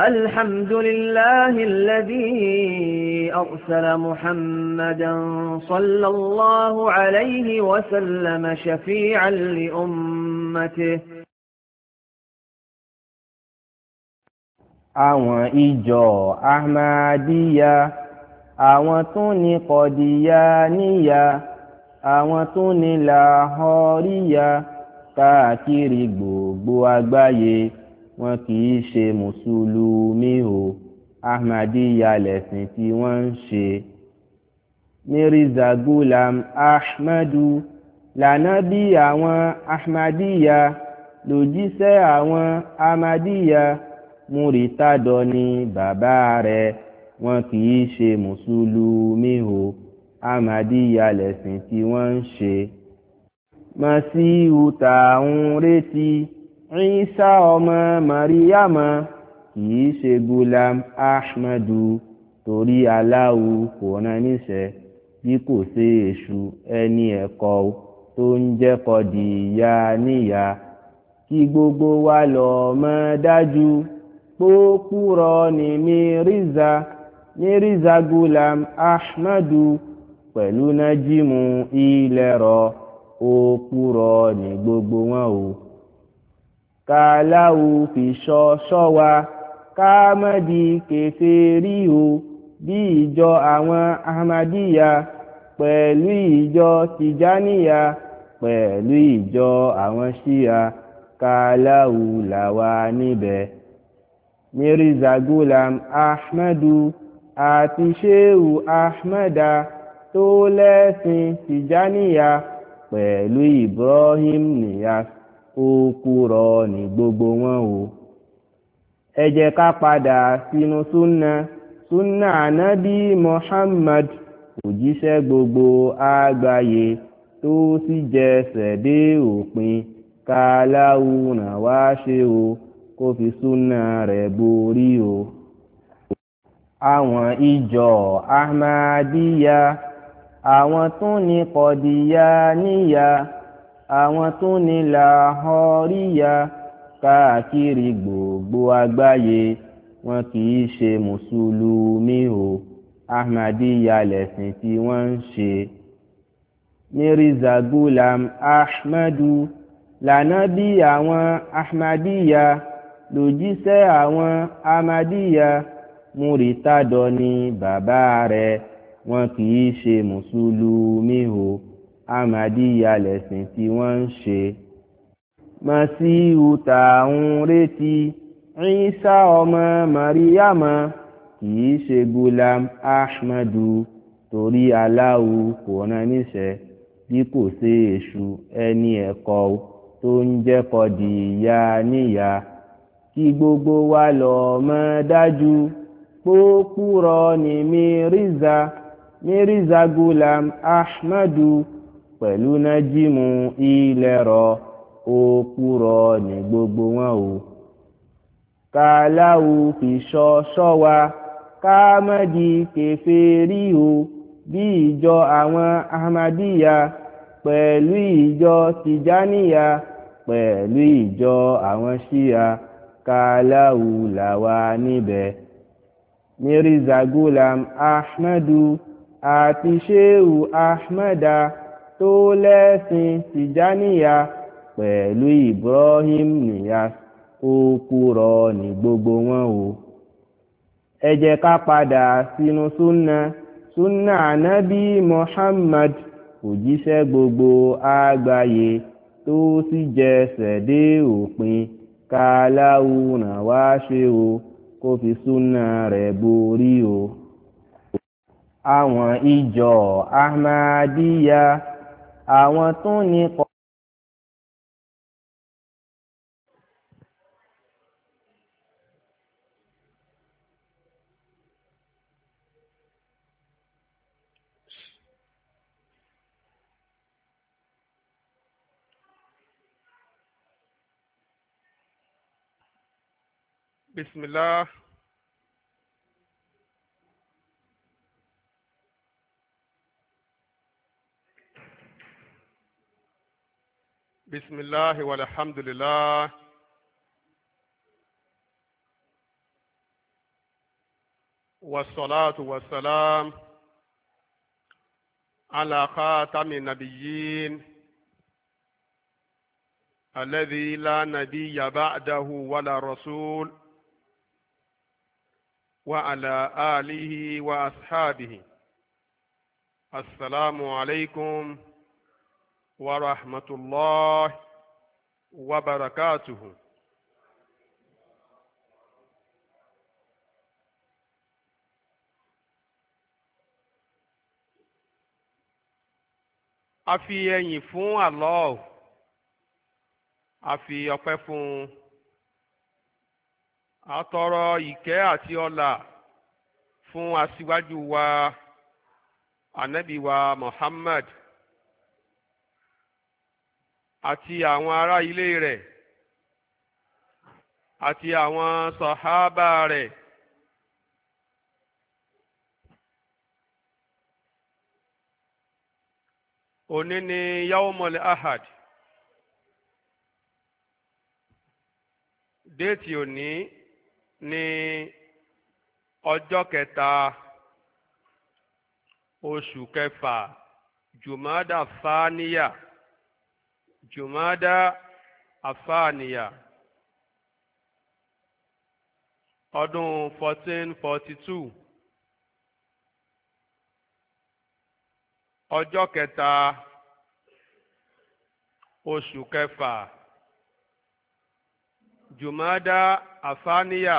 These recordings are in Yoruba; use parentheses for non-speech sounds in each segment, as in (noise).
الحمد لله الذي أرسل محمدا صلى الله عليه وسلم شفيعا لأمته أوى إجو أحمدية أوى توني قديانية أوى توني لاهورية كاكيري بوبو أجبايه wọn kì í ṣe mùsùlùmí o ahmadiyya lẹ̀sìn tí wọ́n ń ṣe. mirza gulam ahmadu lànábì àwọn ahmadiyya lòjíṣẹ́ àwọn ahmadiyya múritádọ́ ni bàbá rẹ̀ wọn kì í ṣe mùsùlùmí o ahmadiyya lẹ̀sìn tí wọ́n ń ṣe. masihu tá ń retí Isa ọmọ Màríyàmá kìí ṣe Gulam Ahmadu torí Allahu kò rán níṣẹ́ bí kò ṣe èṣù ẹni ẹ̀kọ́ tó ń jẹ́kọ̀ dìyà níyà kí gbogbo wa lọ mọ̀ dájú pópúrọ̀ ni Mírízà Mírízà Gulam Ahmadu pẹ̀lú nájímù ilẹ̀ rọ òpùrọ̀ ni gbogbo wọn o kàláwù fi ṣọ ṣọ́ wa ká má di kèfèrí o bí ìjọ àwọn ahmadíyà pẹ̀lú ìjọ tìjáníyà pẹ̀lú ìjọ àwọn ṣíya kàláwù làwa níbẹ̀. mirza gulam ahmadu àti sheu ahmada tó lẹ́sìn tìjáníyà pẹ̀lú ibrahim niyas òkúrọ ní gbogbo wọn o ẹ jẹ ká padà sínú súnà súnà ànábì Muhammad òjíṣẹ́ gbogbo àgbáyé tó sì jẹsẹ̀ dé òpin káláwùnà wá ṣe o kó fi súnà rẹ̀ borí o àwọn ìjọ Ahmadiyya àwọn tún ní kọdíyà níyà. àwọn tó ní làhọ́ríyà káàkiri gbogbo àgbáyé wọn kì í ṣe mùsùlùmí o ahmadiyya lẹ̀sìn tí wọ́n ń ṣe. mirza gulam ahmadu lànábì àwọn ahmadiyya lòjíṣẹ́ àwọn ahmadiyya múrítàdọ́ ni bàbá rẹ̀ wọn kì í ṣe mùsùlùmí o. Ahmadiyya lẹ̀sìn tí wọ́n ń ṣe. Màsíhù tá à ń retí Ìsá ọmọ Màríyàmá kì í ṣe Gulam Ahmadu torí Allahu kò rán níṣẹ́ bí kò ṣe èṣù ẹni ẹ̀kọ́ tó ń jẹ́kọ̀ di ìyá níyà kí gbogbo wa lọ mọ̀ dájú pópúrọ̀ ní Mírízà Mírízà Gulam Ahmadu pẹ̀lú nájímù ilẹ̀rọ òpùrọ̀ ní gbogbo wọn o. kàláwù fi ṣọ́ ṣọ́ wa káàmọ́dì kèfèrí o bí ìjọ àwọn ahmadiyya pẹ̀lú ìjọ tìjáníyà pẹ̀lú ìjọ àwọn ṣíya kàláwù làwa níbẹ̀. mirza gulam ahmadu àti sheu ahmada. tó lẹ́sìn tìjáníyà pẹ̀lú ibrahim niyas ó kúrọ ní gbogbo wọn o Ẹjẹ ká padà sínú súnà súnà ànábì muhammad òjíṣẹ́ gbogbo àgbáyé tó sì jẹsẹ̀ dé òpin káláwù náà wá ṣe o kó fi súnà rẹ̀ borí o àwọn ìjọ ahmadiyya àwọn tó ní kọ. بسم بسم الله والحمد لله والصلاة والسلام على خاتم النبيين الذي لا نبي بعده ولا رسول وعلى آله وأصحابه السلام عليكم ورحمة الله وبركاته a fi ẹyìn fún Allah a fi ọpẹ́ fún un a tọrọ àti ọlà fún aṣíwájú wa anabi Muhammad àti àwọn ará ilé rẹ̀ àti àwọn sàhábà rẹ̀. òní ni yawmul ahad déètì òní ni ọjọ́ kẹta oṣù kẹfà jùmọ́dà fáníyà. Jumada àfáàníyà ọdún fourteen forty two ọjọ́ kẹta oṣù kẹfà jùmọ́dá àfáàníyà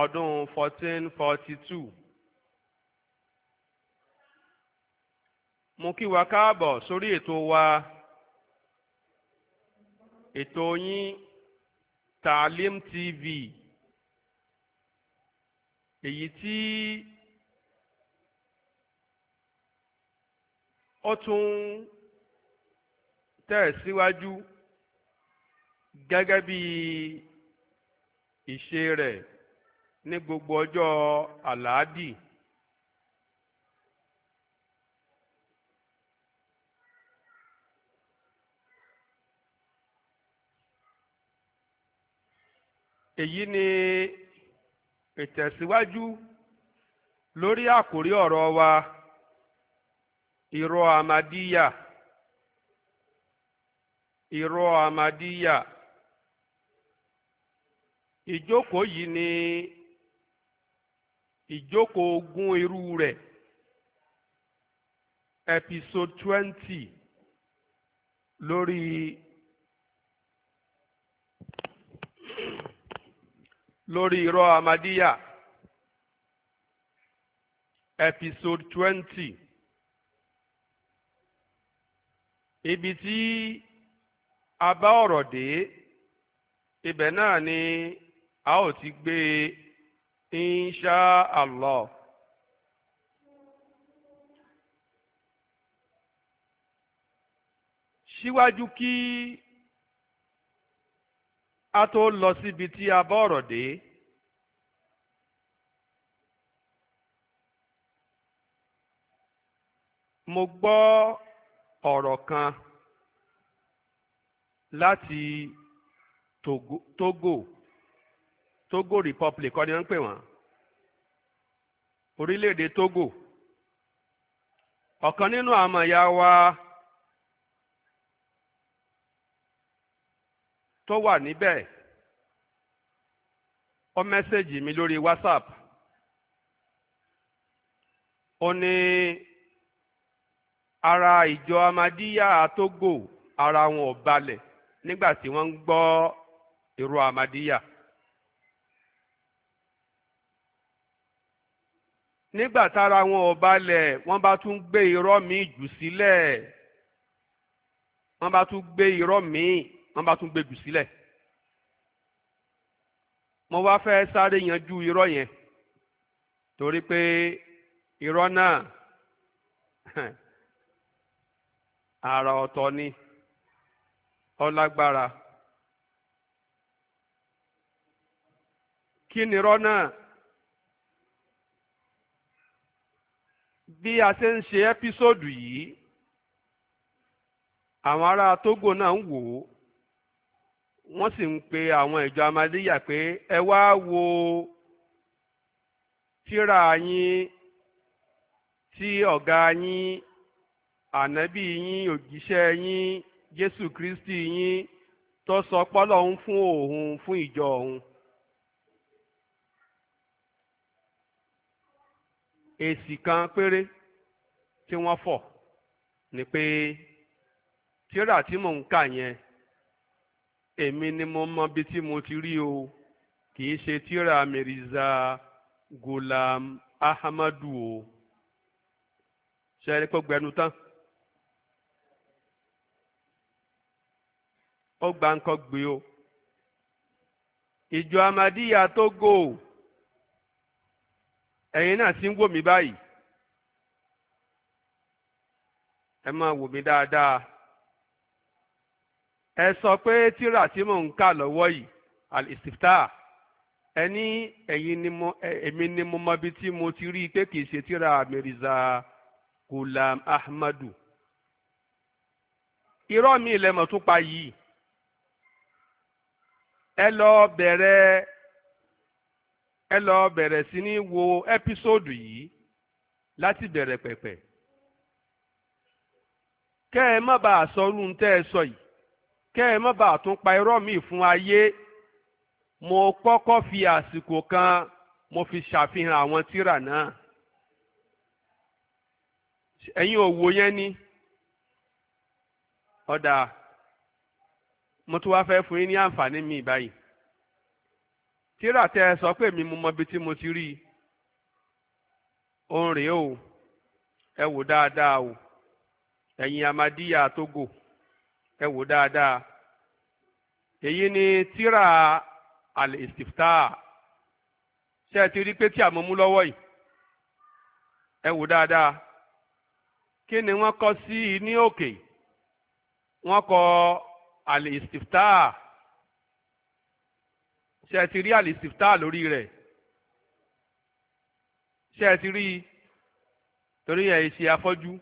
ọdún fourteen forty two. mo kí wa káàbọ̀ sórí ètò wa ètò yín Taalim TV èyí tí ó tún tẹ̀ síwájú gẹ́gẹ́ bí ìṣe rẹ̀ ní gbogbo ọjọ́ àlàádì. èyí ni ìtẹ̀síwájú lórí àkórí ọ̀rọ̀ wa ìrọ̀ àmàdíyà ìrọ̀ àmàdíyà ìjókòó yìí ni ìjókòó ogún irú rẹ̀ episode twenty lórí lórí irọ́ Ahmadiyya episode twenty ibi tí a bá ọ̀rọ̀ dé ibẹ̀ náà ni a ó ti gbé e, insha Allah. síwájú kí a tó lọ síbi tí a bá dé mo gbọ́ ọ̀rọ̀ kan láti Togo Togo, Republic kọ́ ni wọ́n ń pè wọ́n orílẹ̀-èdè Togo ọ̀kan nínú àmọ̀ ya wa. tó wà níbẹ̀ ó mẹ́sẹ̀gì mi lórí whatsapp ó ní ara ìjọ amadíyà tógò ara wọn ò balẹ̀ nígbà tí wọ́n ń gbọ́ ìró amadíyà. nígbà tára wọn ò balẹ̀ wọ́n bá tún gbé irọ́ míì jù sílẹ̀ wọ́n bá tún gbé irọ́ míì wọ́n bá tún gbègbù sílẹ̀ mo wá fẹ́ sáré yanjú irọ́ yẹn torí pé irọ́ náà àrà (laughs) ọ̀tọ̀ ni ọlágbára kí ni irọ́ náà bí a ṣe ń ṣe ẹ́písòdù yìí àwọn ará Tógò náà ń wò ó wọ́n sì ń pe àwọn ìjọ amadíyà pé ẹ wá wo tírà yín tí ọ̀gá yín ànábì yín òjíṣẹ́ yín Jésù Kristi yín tó sọ pọ́lọ́ ń fún òun fún ìjọ òun. èsì kan péré tí wọ́n fọ̀ ni pé tírà tí mò ń kà yẹn èmi ni mo mọ bí tí mo ti rí o kì í ṣe tíra Mirza Gulam Ahmadu o ṣẹ́rí pé gbẹnu tán ó gba nǹkan gbé o ìjọ Ahmadiyya Tógò ẹ̀yin náà ti ń wò mí báyìí ẹ máa wò mí dáadáa ẹ sọ pé tíra tí mò ń kà lọ́wọ́ yìí al-istifta ẹ ní ẹ̀yin ni mo èmi ni mo mọbi tí mo ti rí i pé kì í ṣe tíra Mirza Ghulam Ahmadu irọ́ mi ìlẹ́mọ̀ tó pa yìí ẹ lọ bẹ̀rẹ̀ ẹ lọ bẹ̀rẹ̀ sí ní wo ẹ́písòdù yìí láti bẹ̀rẹ̀ pẹ̀pẹ̀ kẹ́ ẹ má bàa sọ irú tẹ́ ẹ sọ yìí kẹ́ ẹ má bàa tún pa irọ́ mi fún ayé mo kọ́kọ́ fi àsìkò kan mo fi ṣàfihàn àwọn tírà náà ẹ̀yin ò wò yẹn ni ọ̀dà mo tún wá fẹ́ fún yín ní àǹfààní mi báyìí tírà tẹ ẹ sọ pé mi mo mọ ibi tí mo ti rí i òun rèé o ẹ wò dáadáa o ẹ̀yin amadíyà tógò ẹ wò dáadáa èyí ni tíra al-istifta ṣé ẹ ti rí pé tí àmọ́ mú lọ́wọ́ yìí ẹ wò dáadáa kí ni wọ́n kọ sí i ní òkè wọ́n kọ al-istifta ṣé ẹ ti rí al lórí rẹ̀ ṣé ẹ ti rí i torí ẹ̀ ṣe afọ́jú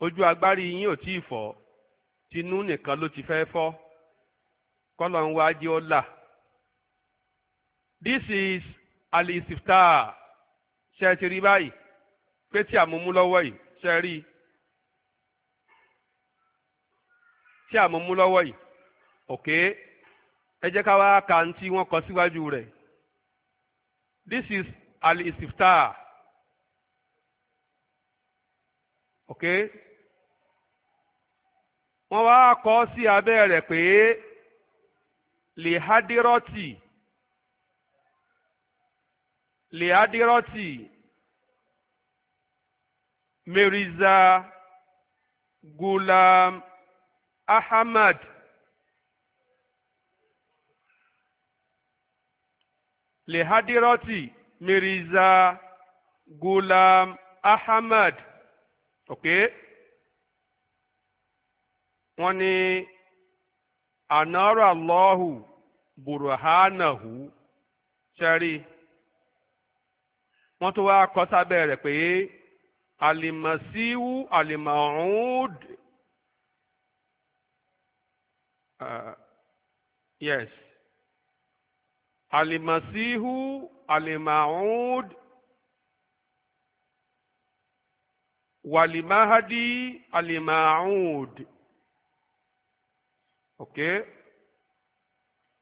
ojú agbárí yín ò tí ì fọ́ tinú nìkan ló ti fẹ́ fọ́ kọ́lọ̀ ń ó là. this is alisifta ṣe ti rí báyìí pé tí àmúmú lọ́wọ́ yìí ṣe rí tí àmúmú lọ́wọ́ yìí òkè ẹ jẹ́ ká wá ka ní tí wọ́n kọ síwájú rẹ̀ this is alisifta okay wọ́n wá kọ sí abẹ́ rẹ̀ pé lihadirọ́tì lihadirọ́tì meriza gulam ahmad lihadirọ́tì meriza gulam ahmad okay. wọ́n ní anara Allahu burhanahu ṣẹ́rí wọ́n tó wá kọ sábẹ́ rẹ̀ pé alimasiwu alimahud uh, yes alimasiwu alimahud walimahadi alimahud. ok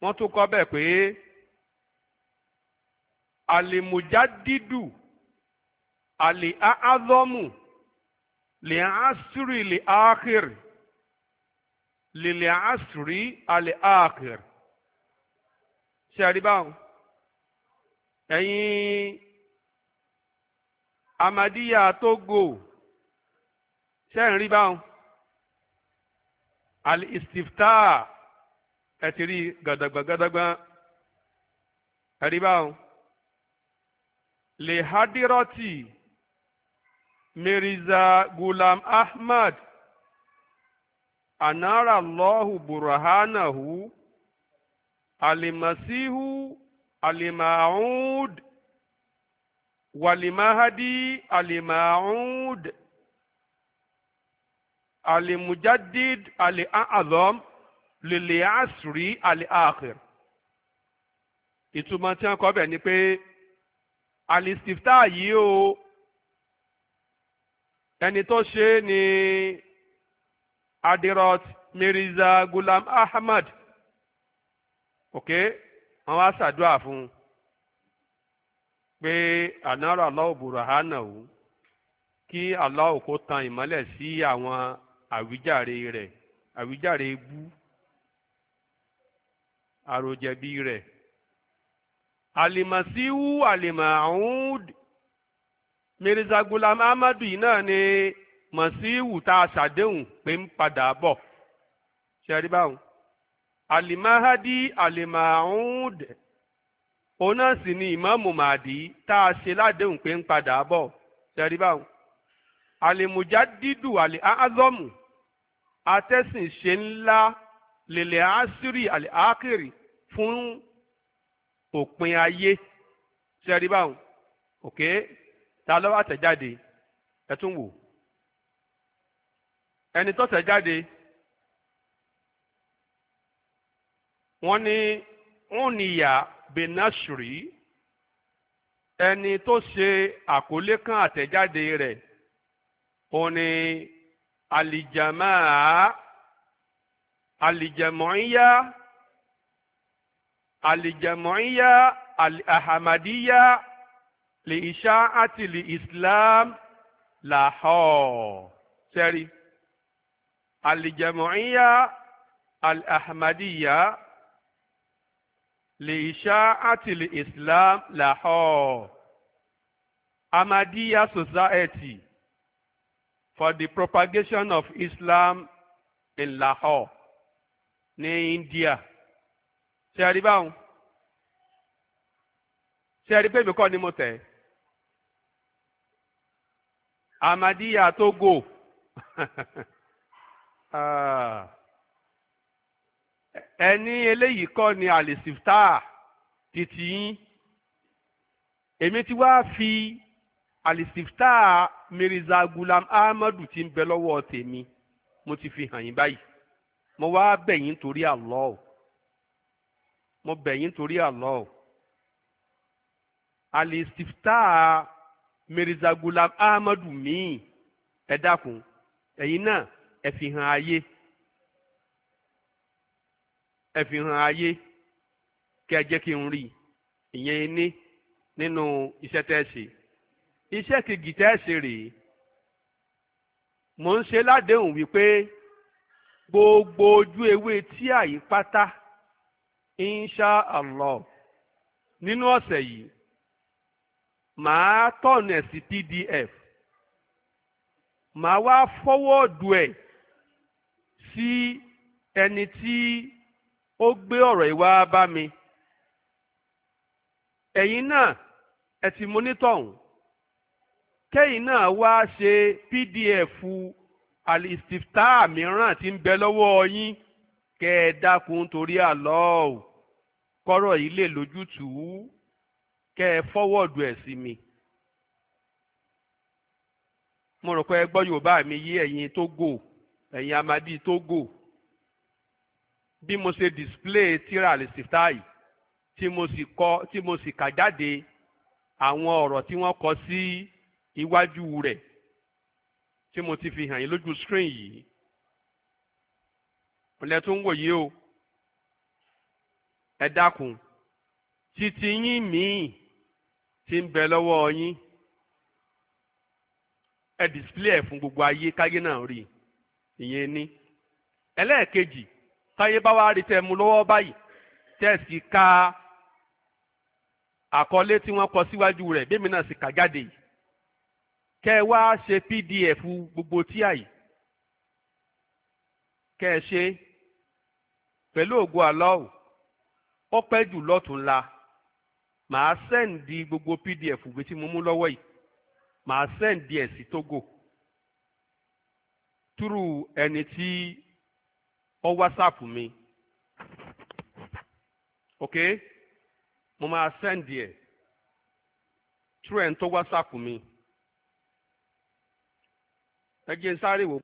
wọ́n tún kọ́ bẹ́ẹ̀ pé alimujadidu ali aadọ́mù li asiri li akhir li li asiri ali akhir ṣe àríbáwọn ẹ̀yin amadiya togo ṣe ń rí báwọn al-istifta ẹ ti rí gàdàgbà gàdàgbà ẹ rí báwọn lè hadirọ́tì mirza gulam ahmad anara allahu burhanahu alimasihu alimaud walimahadi alimaud alimujadid al-a'zam lil-asri al-akhir ìtumọ̀ tí wọ́n kọ́ bẹ̀ ni pé alistifta yìí o ẹni tó ṣe é ni adirot mirza gulam ahmad ok wọ́n wá ṣàdúrà fún un pé ànáró aláwò bùrọ̀ hánà o kí aláwò kó tan ìmọ́lẹ̀ sí àwọn àwíjàre rẹ̀ àwíjàre bú àròjẹ̀bi rẹ̀ àlìmọ̀síwú àlìmọ̀ọ́hún mirza gulam amadu yìí náà ni mọ̀síwù tá a ṣàdéhùn pé ń padà bọ̀ ṣẹ́rí báwọn àlìmọ́hádì àlìmọ̀ọ́hún òun náà sì ni ṣe ládéhùn pé ń padà bọ̀ ṣẹ́rí báwọn àlèmùjádìdù àlè azọ́mù atẹ́sìnṣe ńlá lèlè àṣírí àlè àkèrè fún òpin ayé ṣẹ́rí báwọn òkè ta ló wá tẹ̀jáde ẹ tún wò ẹni tó tẹ̀jáde wọ́n ní wọ́n níyà benashri ẹni tó ṣe àkọlé kan àtẹ̀jáde rẹ̀ ó ní alìjàmáà alìjàmọ̀íyá alìjàmọ̀íyá alìahamadíyá lè iṣá àti lè islam làhọ́ sẹ́rí alìjàmọ̀íyá alìahamadíyá lè iṣá àti lè islam làhọ́ Ahmadiyya society. for the propagation of Islam in Lahore ní India ṣe àrí báwọn ṣe àrí pé èmi kọ́ ni mo tẹ̀ Ahmadiyya Togo (laughs) ah. ẹni eléyìí kọ́ ni alisifta titi yín èmi ti wá fi alistifta mirza gulam ahmadu ti ń bẹ lọ́wọ́ tèmi mo ti fi hàn yín báyìí mo wá bẹ̀ yín torí Allah o mo bẹ̀ yín torí Allah o alistifta mirza gulam ahmadu míì ẹ dákun ẹ̀yin náà ẹ fi hàn ayé ẹ fi hàn ayé kí ẹ jẹ́ kí n rí ìyẹn ní nínú iṣẹ́ tẹ́ ẹ ṣe iṣẹ́ kejì tẹ́ ṣe rèé mò ń ṣe ládéhùn wípé gbogbo ojú ewé tí àyí pátá insha allah nínú ọ̀sẹ̀ yìí màá tọ̀nù sí pdf màá wá fọwọ́ọ̀dù ẹ̀ sí ẹni tí ó gbé ọ̀rọ̀ ìwá bá mi ẹ̀yin náà ẹ ti monítọ̀hún kẹ́yìn náà wá ṣe pdf alistifta mìíràn tí ń bẹ lọ́wọ́ yín kẹ́ ẹ dákun torí àlọ́ ò kọ́rọ̀ yìí lè lójútùú kẹ́ ẹ fọ́wọ́dù ẹ̀ sí mi. mo rò pé ẹ gbọ́ Yorùbá mi yé ẹ̀yin Tógò ẹ̀yin amadi Tógò bí mo ṣe display tira alistifta yìí tí mo sì kọ tí mo sì kà jáde àwọn ọ̀rọ̀ tí wọ́n kọ sí. Si, iwájú rẹ tí mo ti fi hàn yín lójú screen yìí ọ̀lẹ́ tó ń wò yìí o ẹ dákun títí yín míì ti ń bẹ lọ́wọ́ yín ẹ display ẹ̀ fún gbogbo ayé káyé náà rí ìyẹn ní ẹlẹ́ẹ̀kejì táyé bá wàá rí tẹ́ mu lọ́wọ́ báyìí tẹ́sì ka àkọlé tí wọ́n kọ síwájú rẹ̀ bẹ́ẹ̀ mi náà sì kà jáde yìí kẹ́ ẹ wá ṣe pdf gbogbo tíà yìí kẹ́ ẹ ṣe pẹ̀lú ògo àlọ́ọ̀ ó pẹ́ jù lọ́tùnla màá sẹ́ǹdì gbogbo pdf gbé tí mo mú lọ́wọ́ yìí màá sẹ́ǹdì ẹ̀ sí Tógò túrú ẹni tí ó wásaàpù mi ok mo máa sẹ́ǹdì ẹ̀ túrú ẹni tó wásaàpù mi. 睇见沙地湖。